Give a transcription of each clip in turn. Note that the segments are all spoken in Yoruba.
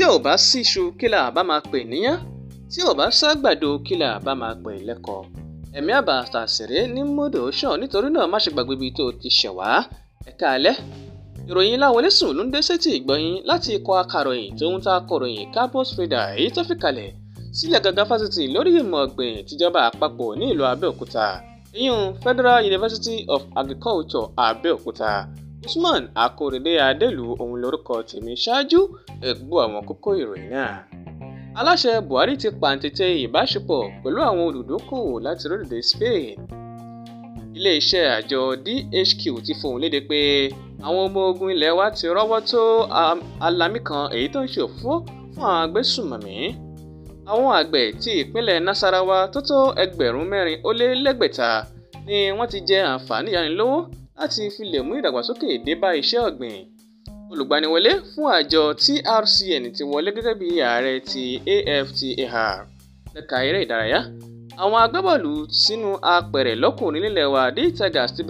tí ò bá síṣu kí là bá máa pè níyàn tí ò bá ságbàdo kí là bá máa pè lẹ́kọ̀ọ́ ẹ̀mí àbàtà ṣeré ní mọ́dò ṣàn nítorí náà má ṣe gbàgbé ibi tó ti ṣẹ̀ wá ẹ̀ka alẹ́ ìròyìn láwọlé sùn ló ń dé sétí ìgbọ̀yìn láti ikọ̀ akàròyìn tó ń ta akọ̀ròyìn Campus Radar èyí tó fi kalẹ̀ sílẹ̀ gangan fásitì lórí ìmọ̀ ọ̀gbìn tìjọba àpapọ̀ ní ìlú Federal University of Agriculture Abẹ́òkúta Usman Akóredé Adélu òun lorúkọ tèmi ṣáájú ẹ̀gbọ́ àwọn kókó ìròyìn náà. Aláṣẹ Buhari ti pàǹtẹ̀tẹ̀ ìbáṣepọ̀ pẹ̀lú àwọn olùdókòwò láti orílẹ̀-èdè Spain. Ilé-iṣẹ́ àjọ DHQ ti fohùn léde pé àwọn ọmọ ogun ilẹ̀ wa ti rọ́wọ́ tó um, alamí kan èyí tó ń ṣòfò fún àwọn agbésùmọ̀mí àwọn àgbẹ̀ ti ìpínlẹ̀ Nasarawa tó tó ẹgbẹ̀rún mẹ́rin ó lé lẹ́gbẹ̀ta ni wọ́n ti jẹ àǹfààní ìyanilówó láti filẹ̀ mú ìdàgbàsókè dé iṣẹ́ ọ̀gbìn olùgbaniwọlé fún àjọ TRCN ti wọlé gẹ́gẹ́ bí ààrẹ ti AFTAR lẹ́ka eré ìdárayá àwọn agbábọ́ọ̀lù sínú apẹ̀rẹ̀ lọ́kùnrin nílẹ̀ wa Dee Tigers ti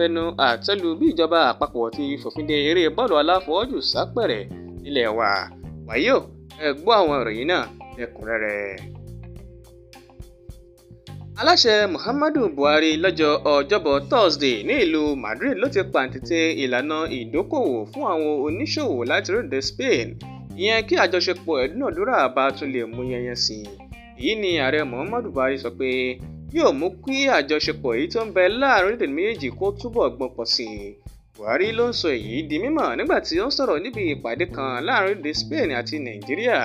àtẹ́lu bí ìjọba àpapọ̀ ti fòfin de eré bọ́ọ̀lù aláfọwọ́jù sápẹ̀rẹ̀ nílẹ̀ wa wàyí ẹ gbọ́ àwọn ìròyìn náà lẹ́kùnrẹ́rẹ́ aláṣẹ muhammadu buhari lọ́jọ́ ọjọ́bọ̀ thursday ní ìlú madrid ló ti pàǹtẹ̀tẹ̀ ìlànà ìdókòwò fún àwọn oníṣòwò láti orílẹ̀-èdè spain ìyẹn kí àjọṣepọ̀ ẹ̀dúnàdúrà bá tún lè mú yẹnyẹn sí i èyí ni ààrẹ muhammadu buhari sọ pé yóò mú kí àjọṣepọ̀ èyí tó ń bẹ láàrin orílẹ̀-èdè méjèèjì kó túbọ̀ gbọ́n pọ̀ sí i buhari ló ń sọ èyí di mímọ̀ nígbà tí ó ń sọ̀rọ̀ níbi ìpàdé kan láàrin orílẹ̀-èdè spain àti nàìjíríà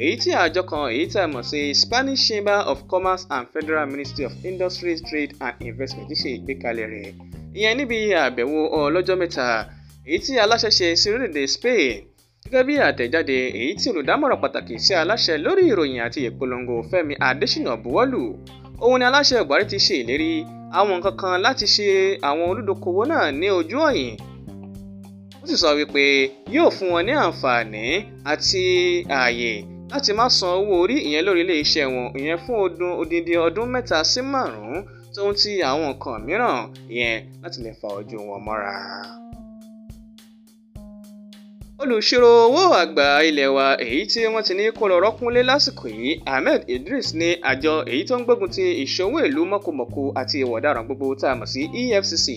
èyí tí àjọ kan èyí tí a mọ̀ sí Spanish Chamber of Commerce and Federal Ministry of Industry Trade and Investment ti ṣe ìgbékalẹ̀ rẹ̀ ìyẹn níbi àbẹ̀wò ọlọ́jọ́ mẹ́ta èyí tí aláṣẹ ṣe sí orílẹ̀-èdè Spain gẹ́gẹ́ bí àtẹ̀jáde èyí tí olùdámọ̀ràn pàtàkì sí aláṣẹ lórí ìròyìn àti ìpolongo Fẹ́mi Adésínà buwọ́lù òun ni aláṣẹ Buhari ti ṣe ìlérí àwọn nǹkan kan láti ṣe àwọn olùdókòwò náà ní ojú ọ̀yìn ó sì sọ wípé yóò fún wọn ní àǹfààní àti ààyè láti má san owó orí ìyẹn lórí ilé-iṣẹ́ wọn ìyẹn fún ọdún odindi ọdún mẹ́ta sí márùn-ún tóun ti àwọn nǹkan mìíràn ìyẹn láti lè fa ojú wọn mọ́ra olùṣirò owó àgbà ilé wa èyí tí wọ́n ti ní kó lọ rọ́kúnlé lásìkò yìí Ahmed Idris ní àjọ èyí tó ń gbógun ti ìṣòwò ìlú mọ̀kùmọ̀kù àti ìwà ọ̀daràn gbogbo tá a mọ̀ sí EFCC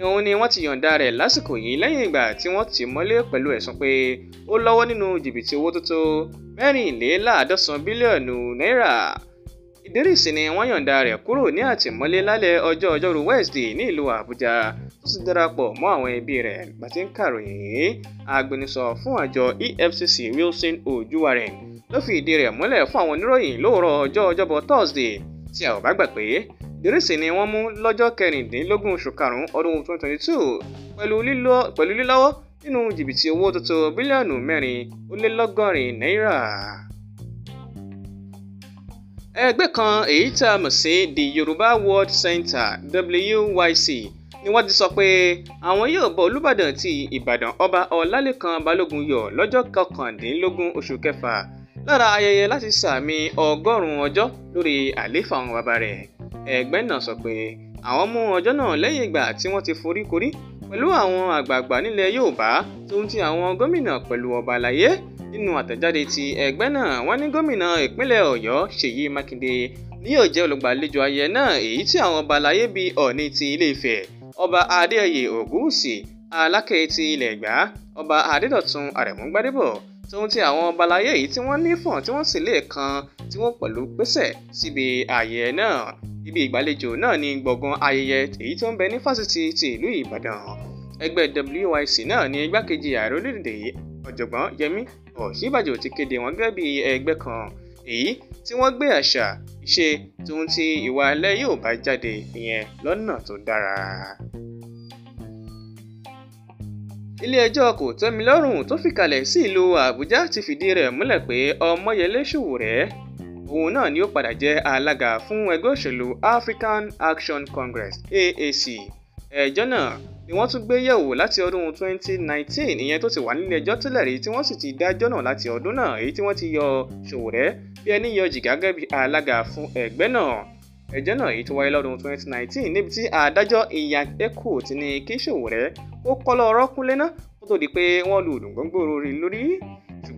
òun ni wọ́n ti yọ̀ǹda rẹ̀ lásìkò yìí lẹ́yìn ìgbà tí wọ́n tì mọ́lé pẹ̀lú ẹ̀sùn pé ó lọ́wọ́ nínú jìbìtì owó tó tó mẹ́rìnléláàádọ́sán bílíọ̀nù náírà Idris ni wọ́n yọ̀ǹda rẹ̀ kúrò ní àtìmọ́lé lálẹ́ ọjọ́ ọjọ́rú Wednesday ní ìlú Àbújá tó sì darapọ̀ mọ́ àwọn ẹbí rẹ̀ nígbà tí ń kàròyìn agbẹnusọ fún àjọ EFCC Wilson Ojuwaren ló fi ìdí rẹ̀ múlẹ̀ fún àwọn oníròyìn lóòrọ̀ ọjọ́ ọjọ́bọ̀ Thursday tí a ò bá gbà pé ìrísí ni wọ́n mú lọ́jọ́ kẹrìndínlógún oṣù karùn-ún ọdún 2022 pẹ̀lú lílọ́wọ́ nínú jìbìtì owó tó tó bílíọ̀nù mẹ́rin ó lé lọ́gọ́rin náírà. ẹgbẹ́ kan èyí tá a mọ̀ sí the Yorùbá World Center WYC ni wọ́n ti sọ pé àwọn yóò bọ Olúbàdàn ti Ìbàdàn ọba Ọlálékan Balógun yọ lọ́jọ́ kọkàndínlógún oṣù kẹfà lára ayẹyẹ láti sàmì ọgọ́rùn-ún ọjọ́ lórí àléfà àwọn bàbá rẹ̀ ẹgbẹ́ náà sọ pé àwọn mú ọjọ́ náà lẹ́yìn ìgbà tí wọ́n ti forí korí pẹ̀lú àwọn àgbààgbà nílẹ̀ Yorùbá tó ń ti àwọn gómìnà pẹ̀lú ọba àlàyé nínú àtẹ̀jáde ti ẹgbẹ́ náà wọ́n ní gómìnà ìpínlẹ̀ Ọ̀yọ́ Ṣèyí Mákindé ní yóò jẹ́ olùgbàlejò ayẹyẹ náà èyí tí àwọn ọba àlàyé bíi Ọọ̀ni ti Ilé-Ifẹ̀ ọba Adéoyè Ògúnwùsì Aláké ti ilẹ̀ Ẹ̀gbá ọba Adédọ̀tun Àrẹ̀mú Gbádébọ̀ tóun ti àwọn ọba àlàyé yìí tí wọ́n nífọ̀n tí wọ́n sì lè kan tí wọ́n pẹ̀lú pèsè síbi ayẹyẹ náà ibi ìgbàlejò náà ni gbọ̀ngàn ayẹyẹ èyí tó ń bẹ ní fásitì ti ìlú ìbàdàn ẹgbẹ́ WYC náà ni igbákejì ààrẹ orílẹ̀-èdè yìí ọ̀jọ̀gbọ́n yẹmí ọ̀ṣínbàjò ti kéde wọn gẹ́gẹ́ bí ẹgbẹ́ kan èyí tí wọ́n gbé àṣà ìṣe tòun ti ìwà alẹ́ yóò bá jáde ìyẹn lọ́nà tó dára. ilé-ẹjọ́ kòtẹ́milọ́rùn tó fìkàlẹ̀ sí ìlú àbújá ti fìdí rẹ̀ múlẹ̀ pé ọmọyẹlé ṣòwò rẹ̀ òun náà ni ó padà jẹ́ alága fún ẹgbẹ́ òṣèlú African Action Congress AAC ẹjọ́ náà ni wọ́n tún gbé yẹ̀wò láti ọdún 2019 ìyẹn tó ti wà nílé ẹjọ́ tẹ́lẹ̀ rí tí wọ́n sì ti dájọ́ náà láti ọdún náà èyí tí wọ́n ti yọ Ṣòwòrẹ́ bí ẹni yọ Jìgá gẹ́gẹ́ bí alága fún ẹgbẹ́ náà ẹjọ́ náà èyí tó wáyé lọ́dún 2019 níbi tí adájọ́ Iyanteku ti ní kí Ṣòwòrẹ́ ó kọ́ lọ́ọ́ rọ́kúnlé náà kó tó di pé wọ́n lu òdùngbòǹgbò lórí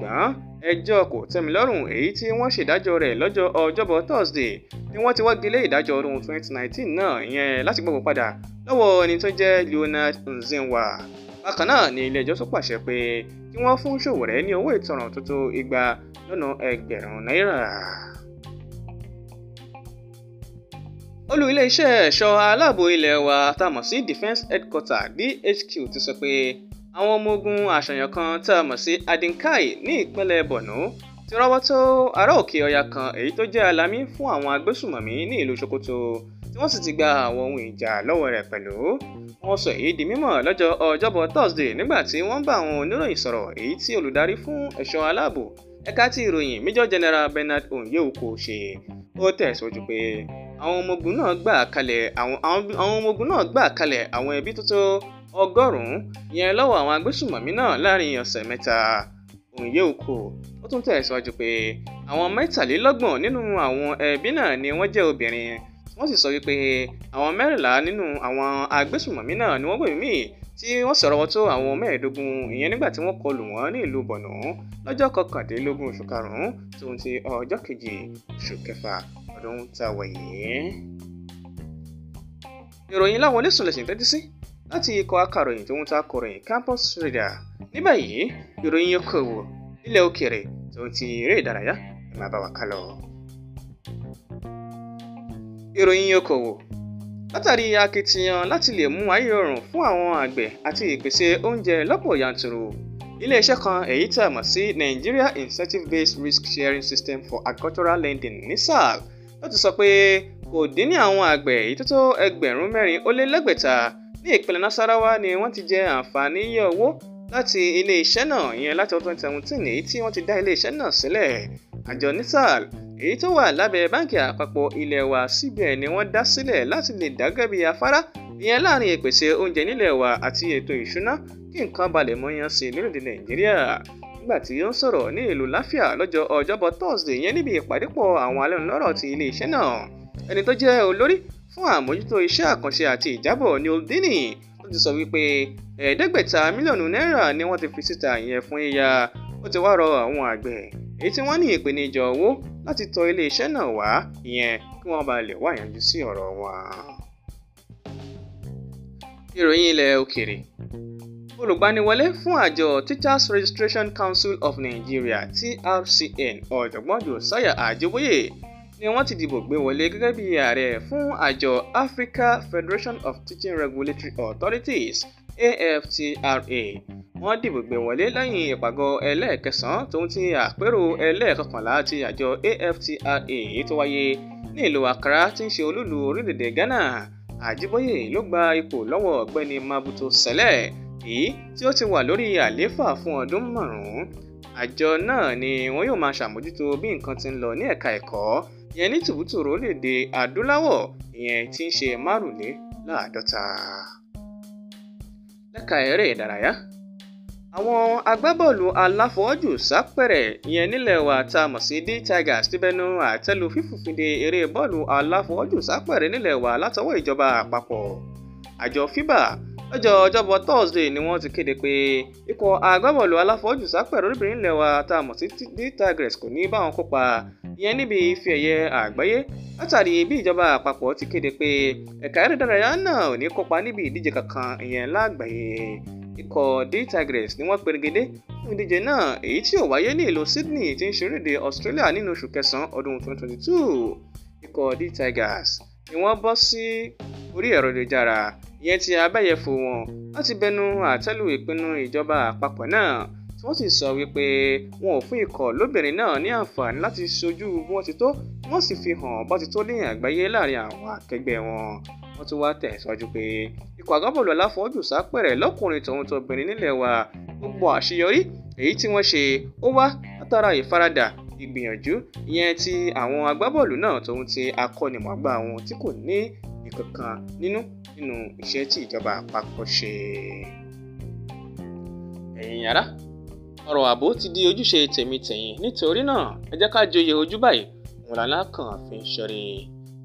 ṣùgbọ́n ẹjọ́ kòtẹ́milọ́rùn èyí tí wọ́n ṣèdájọ́ rẹ̀ lọ́jọ́ ọjọ́bọ̀ Thursday ni wọ́n ti wọ́gi lé ìdájọ́ ọdún 2019 náà ìyẹn láti gbọ́kọ̀ padà lọ́wọ́ ẹni tó jẹ́ Leonard Nzenwa bákan náà ni ilé-ẹjọ́ tó pàṣẹ pé kí wọ́n fún Ṣòwòrẹ́ ní owó ìtanràn tó igba lọ́nà ẹgbẹ̀rún náírà. olú iléeṣẹ́ ẹ̀ṣọ́ aláàbò ilé wa tá a mọ̀ sí Defence Headquarter DHQ ti sọ pé àwọn ọmọ ogun àṣàyàn kan tá a mọ̀ sí adinkai ní ìpínlẹ̀ borno ti rọ́wọ́ tó ará òkè ọya kan èyí tó jẹ́ alamí fún àwọn agbésùmọ̀mí ní ìlú sokoto tí wọ́n sì ti gba àwọn ohun ìjà lọ́wọ́ rẹ̀ pẹ̀lú wọ́n sọ èyí di mímọ̀ lọ́jọ́ ọjọ́bọ̀ thursday nígbà tí wọ́n bá àwọn oníròyìn sọ̀rọ̀ èyí tí olùdarí fún ẹ̀ṣọ́ aláàbò ẹ̀ka ti ìròyìn major general bernard onyewuko ṣe ó tẹ̀síwájú pé àwọn ọmọ ogun náà gbà kalẹ̀ àwọn àwọn ọmọ ogun náà gbà kalẹ̀ àwọn ẹbí tó tó ọgọ́rùn-ún yẹn lọ́wọ́ àwọn agbésùmọ̀mí náà láàrin ọ̀sẹ̀ mẹ́ta òǹyẹ òkò ó tún tẹ̀síwájú pé àwọn mẹ́tàlélọ́gbọ̀n nínú àwọn ẹbí náà ni wọ́n jẹ́ obìnrin wọ́n sì sọ wípé àwọn mẹ́rìnlá nínú àwọn agbésùmọ̀mí náà ni wọ́n gbẹ̀mí mì tí wọ́n sọ̀rọ̀ wọ́n tó àwọn mẹ́ẹ̀ẹ́dógún ìyẹn nígbà tí wọ́n kọlù wọ́n ní ìlú bọ̀nà lọ́jọ́ kọkàndínlógún oṣù karùn-ún tóun ti ọjọ́ kejì oṣù kẹfà ọdún tá a wà yìí. ìròyìn láwọn onísùnlẹ̀sìn tẹ́tí sí láti ikọ̀ akàròyìn tó ń ta akọ̀ròyìn campus radar ní báyìí ìròyìn okòwò nílẹ̀ òkèrè tó ń ti eré ìdárayá ẹ̀ máa bá wa kálọ. ìròyìn okòwò látàrí akitiyan láti lè mú ayé rọrùn fún àwọn àgbẹ̀ àti ìpèsè oúnjẹ lọ́pọ̀ yanturu iléeṣẹ́ kan èyí tá a mọ̀ sí Nigeria Incentive Based Risk Sharing System for Agricultural Lending NISAL ló ti sọ pé kò dín ní àwọn àgbẹ̀ èyí tó tó ẹgbẹ̀rún mẹ́rin ó lé lẹ́gbẹ̀ta ní ìpínlẹ̀ Nasarawa ni wọ́n ti jẹ àǹfààní yíyọ owó láti ilé iṣẹ́ náà ìyẹn láti ọdún 2017 èyí tí wọ́n ti dá ilé iṣẹ́ náà sílẹ̀ àjọ nisal èyí tó wà lábẹ́ báńkì àpapọ̀ ilé wa CBN ni wọ́n dá sílẹ̀ láti lè dá gẹ́gẹ́ bí afárá ìyẹn láàrin ìpèsè oúnjẹ nílẹ̀ wa àti ètò ìṣúná kí nǹkan balẹ̀ mọ́ yan sí lórílẹ̀ Nàìjíríà nígbà tí ó ń sọ̀rọ̀ ní ìlú láfíà lọ́jọ́ ọjọ́bọ̀ thursday yẹn níbi ìpàdépọ̀ àwọn alẹ́nulọ́rọ̀ ti ilé iṣẹ́ náà ẹni tó jẹ́ olórí fún àmójútó iṣẹ́ àkànṣe àti ìjábọ̀ ní oldini tó ti sọ wípé ẹ̀ẹ́dẹ́gbẹ̀ta mílíọ̀nù náírà ni wọ́n ti fi síta yẹn fún yíya ó ti wá rọ àwọn àgbẹ̀ èyí tí wọ́n ní ìpèníjà owó láti tọ ilé náà wá ìyẹn kí wọ́n bá lè wá yanjú sí ọ̀rọ̀ wọn. ìròyìn ilẹ̀ òkèèrè olùgbaniwọlé fún àjọ teachers registration council of nigeria trcn ọ̀jọ̀gbọ́n josiah ajiboye ni wọ́n ti dìbò gbé wọlé gẹ́gẹ́ bí ààrẹ fún àjọ africa federation of teaching regulatory authorities aftra wọ́n dìbò gbé wọlé lẹ́yìn ìpàgọ́ ẹlẹ́ẹ̀kẹsàn-án tó ń ti àpérò ẹlẹ́ẹ̀kọkànlá ti àjọ aftra tó wáyé ní ìlú accra tí ń ṣe olúlu orílẹ̀-èdè ghana àjíbóyè ló gba ipò lọ́wọ́ ọ̀gbẹ́ni mabuto sẹlẹ̀ yìí tí ó ti wà lórí àlééfà fún ọdún márùn-ún àjọ náà ni wọn yóò máa ṣàmójútó bí nǹkan ti ń lọ ní ẹ̀ka ẹ̀kọ́ yẹn ní tùbútùrú orílẹ̀-èdè adúláwọ̀ ìyẹn tí ń ṣe márùnléláàádọ́ta. lẹ́ka eré ìdárayá àwọn agbábọ́ọ̀lù aláfọwọ́jù sápẹ̀rẹ̀ ìyẹn nílẹ̀ wa ta mọ̀ sí D Tigers ti bẹnu àtẹ́lu fífòfinde eré bọ́ọ̀lù aláfọwọ́jù sápẹ̀rẹ̀ nílẹ̀ wa látọwọ́ ìjọba àpapọ̀ àjọ FIBA lọ́jọ́ ọjọ́bọ̀ thursday ni wọ́n ti kéde pé ikọ̀ agbábọ́ọ̀lù aláfọwọ́jù sápẹ̀rẹ̀ olóbìnrin ilẹ̀ wa tá a mọ̀ sí the tigress kò ní báwọn kópa ìyẹn níbi ife ẹ̀yẹ àgbáyé látàrí bí ìjọba àpapọ̀ ti kéde pé ẹ̀ka eré ìdárayá náà ò ní kópa níbi ìdíje kankan ìyẹn lágbàáyé ikọ̀ the tigress ni wọ́n perégedé fún ìdíje náà èyí tí ò wáyé ní ìlú sydney ti ń ṣeréde australia nínú oṣù kẹsàn ọdún 2022 ikọ̀ the tigers ni wọ́n bọ́ sí orí ẹ̀rọ ìlú ìyẹn ti abẹ́yẹfò wọn láti bẹnu àtẹ́lù ìpinnu ìjọba àpapọ̀ náà tí wọ́n sì sọ wípé wọn ò fún ikọ̀ lóbìnrin náà ní àǹfààní láti ṣojú bí ti tó wọ́n sì fi hàn bó ti tó ní àgbáyé láàrin àwọn akẹgbẹ́ wọn wọ́n tún wá tẹ̀síwájú pé ikọ̀ agbábọ́ọ̀lù aláfọwọ́jù sápẹ̀rẹ̀ lọ́kùnrin tòun tóbìnrin nílẹ̀ wa gbogbo àṣeyọrí èyí tí wọ́n ṣe ó wá látara ìfaradà ìgbìyànjú ìyẹn ti àwọn agbábọ́ọ̀lù náà tòun ti akọ́nimọ̀ọ́gbà wọn tí kò ní nǹkan kan nínú nínú iṣẹ́ tí ìjọba àpapọ̀ ṣe. ẹ̀yin ará ọ̀rọ̀ ààbò ti di ojúṣe tèmi tẹ̀yin nítorí náà ẹ jẹ́ ká joyè ojú báyìí mùlálá kan fi ń ṣọ́rí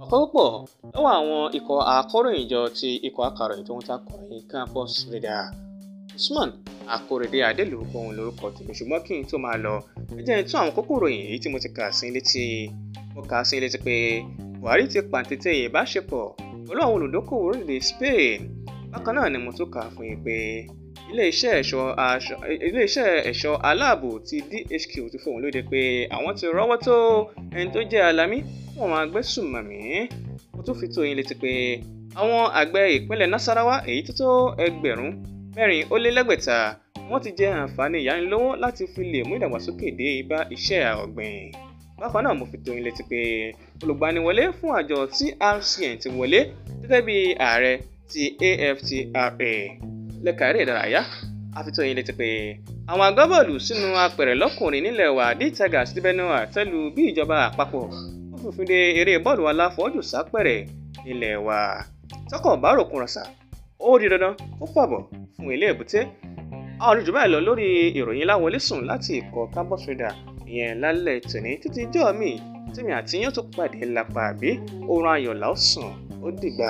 ọ̀pọ̀ púpọ̀ lọ́wọ́ àwọn ikọ̀ akọ̀ròyìn jọ ti ikọ̀ akọ̀ròyìn tó ń takọ̀ròyìn campus radar Usman Akorede Adelu ohun lórúkọ tèmi ṣùgbọ́n kí n tó máa lọ ẹ jẹ́ n tún àwọn kókó ròyìn èyí tí mo ti kà sí létí mo kà sí létí pé Buhari ti pàǹtẹ̀tẹ̀ ìbáṣepọ̀ pẹ̀lú àwọn olùdókòwò orílẹ̀-èdè Spain bákan náà ni mo tún kà fún yín pé ilé-iṣẹ́ ẹ̀ṣọ́ ilé-iṣẹ́ ẹ̀ṣọ́ aláàbò ti DHQ ti fòun lóde pé àwọn ti rọ́wọ́ tó ẹni tó jẹ́ alamí fún àwọn agbésùnmọ̀mí mo tún fi tó yín létí pé àwọn àgbẹ̀ ìpínlẹ̀ Nasarawa èyí tó tó ẹgbẹ̀rún mẹ́rin ó lé lẹ́gbẹ̀ta wọ́n ti jẹ àǹfààní ìyánilówó láti fi lè mú ìdàgbàsókè dé ibà iṣẹ́ ọ̀gbìn bákan náà mo fi tó yín létí pé olùgbaniwọlé fún àjọ TRCN ti wọlé gẹ́gẹ́ bí ààrẹ ti AFTRA lẹ́ka eré ìdárayá a fi tó yín létí pé àwọn agbábọ́ọ̀lù sínú apẹ̀rẹ̀ lọ́kùnrin nílẹ̀ wa D Tigers ti bẹnu àtẹ́lù bí ìjọba àpapọ̀ ó fòfin de eré bọ́ọ̀lù aláfọwọ́jù sápẹ̀rẹ̀ nílẹ̀ wa tọkọ̀ bá ròkun rọ̀ṣà ó di dandan ó pàbọ̀ fún ilé èbúté àwọn olùjọba ẹ̀ lọ lórí ìròyìn láwọn olésùn láti ikọ̀ carbon trader ìyẹn lálẹ́ tòní títí jọ́ mi tèmi àti yín tó pàdé lápá àbí oorun ayọ̀ la ó dìgbà.